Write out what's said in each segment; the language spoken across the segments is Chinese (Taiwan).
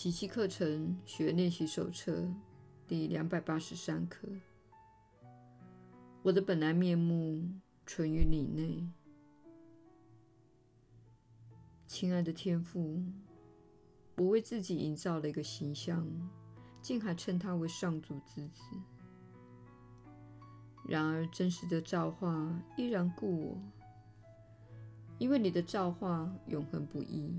奇蹟課程學員練習手冊第兩百八十三課。我的本來面目存於你內，親愛的天父，我為自己營造了一個形象，竟還稱他為上主之子。然而，真實的造化依然故我，因為你的造化永恆不易。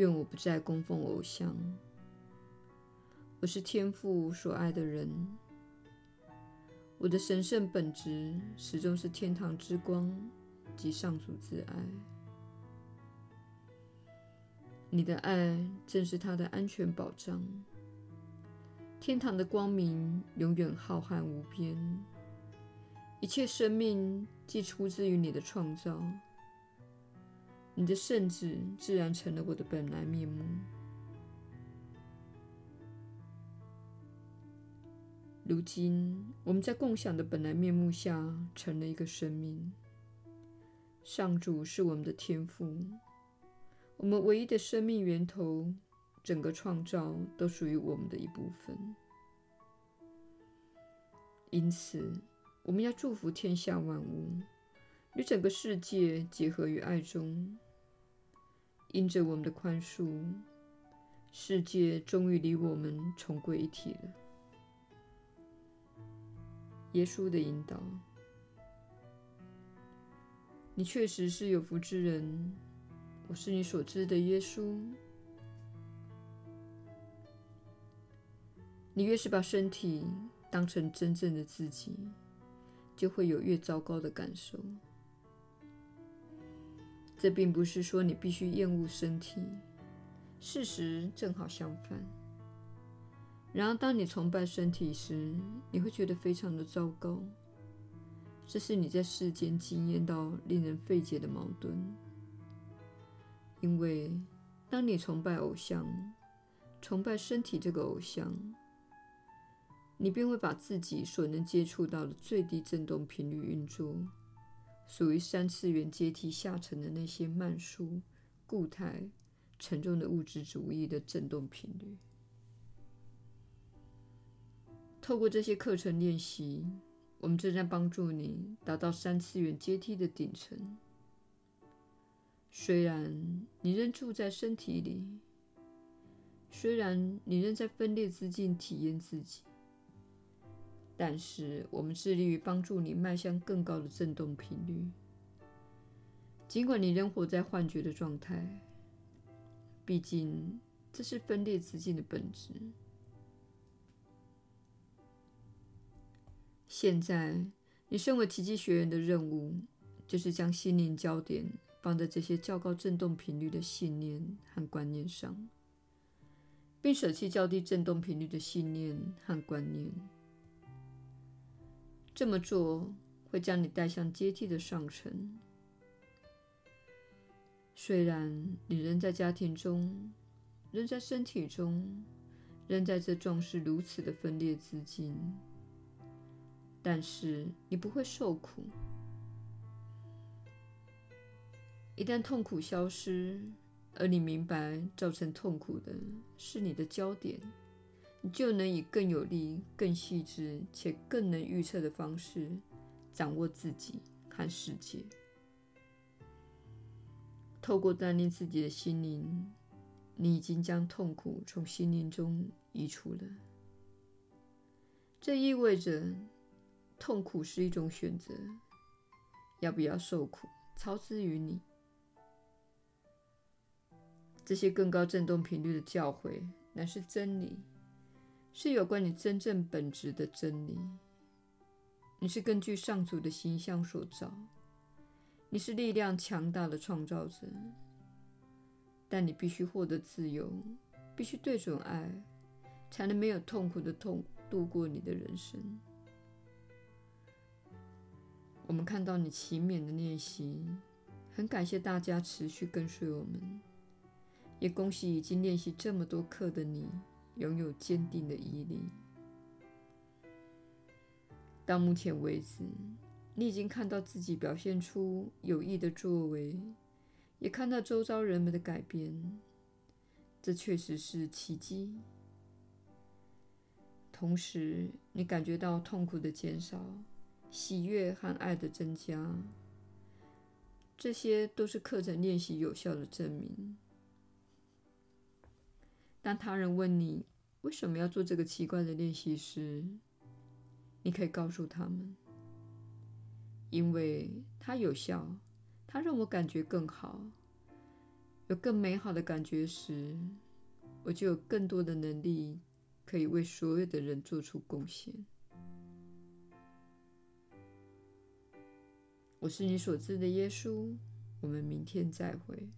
願我不再供奉偶像，我是天父所愛的人。我的神聖本質始終是天堂之光及上主之愛。你的愛正是他的安全保障。天堂的光明永遠浩瀚無邊，一切生命既出自於你的創造。你的聖子自然成了我的本來面目。如今，我們在共享的本來面目下成了一個生命。上主是我們的天父，我們唯一的生命源頭，整個創造都屬於我們的一部分。因此，我們要祝福天下萬物，與整個世界結合於愛中。因着我們的寬恕，世界終於離我們重歸一體了。耶穌的引導，你確實是有福之人。我是你所知的耶穌。你越是把身體當成真正的自己，就會有越糟糕的感受。這並不是說你必須厭惡身體，事實正好相反。然而，當你崇拜身體時，你會覺得非常的糟糕。這是你在世間經驗到令人費解的矛盾，因為當你崇拜偶像，崇拜身體這個偶像，你便會把自己所能接觸到的最低振動頻率運作。屬於三次元階梯下層的那些慢速、固態、沉重的物質主義的振動頻率。透過這些課程練習，我們正在幫助你達到三次元階梯的頂層。雖然你仍住在身體裡，雖然你仍在分裂之境體驗自己。但是，我們致力於幫助你邁向更高的振動頻率，儘管你仍活在幻覺的狀態。畢竟，這是分裂之境的本質。現在，你身為奇蹟學員的任務，就是將心靈焦點放在這些較高振動頻率的信念和觀念上，並捨棄較低振動頻率的信念和觀念。這麼做會將你帶向階梯的上層。雖然你仍在家庭中，仍在身體中，仍在這壯是如此的分裂資金，但是你不會受苦。一旦痛苦消失，而你明白造成痛苦的是你的焦點，就能以更有力、更細緻且更能預測的方式掌握自己和世界。透過鍛鍊自己的心靈，你已經將痛苦從心靈中移除了。這意味着，痛苦是一種選擇，要不要受苦，操之於你。這些更高振動頻率的教誨乃是真理。是有關你真正本質的真理。你是根據上主的形象所造，你是力量強大的創造者。但你必須獲得自由，必須對準愛，才能沒有痛苦的痛度過你的人生。我們看到你勤勉的練習，很感謝大家持續跟隨我們，也恭喜已經練習這麼多課的你。擁有堅定的毅力。到目前為止，你已經看到自己表現出有益的作為，也看到周遭人們的改變。這確實是奇迹。同時，你感覺到痛苦的減少，喜悅和愛的增加。這些都是課程練習有效的證明。當他人問你為什麼要做這個奇怪的練習時，你可以告訴他們：因為它有效，它讓我感覺更好，有更美好的感覺時，我就有更多的能力可以為所有的人做出貢獻。我是你所知的耶穌，我們明天再會。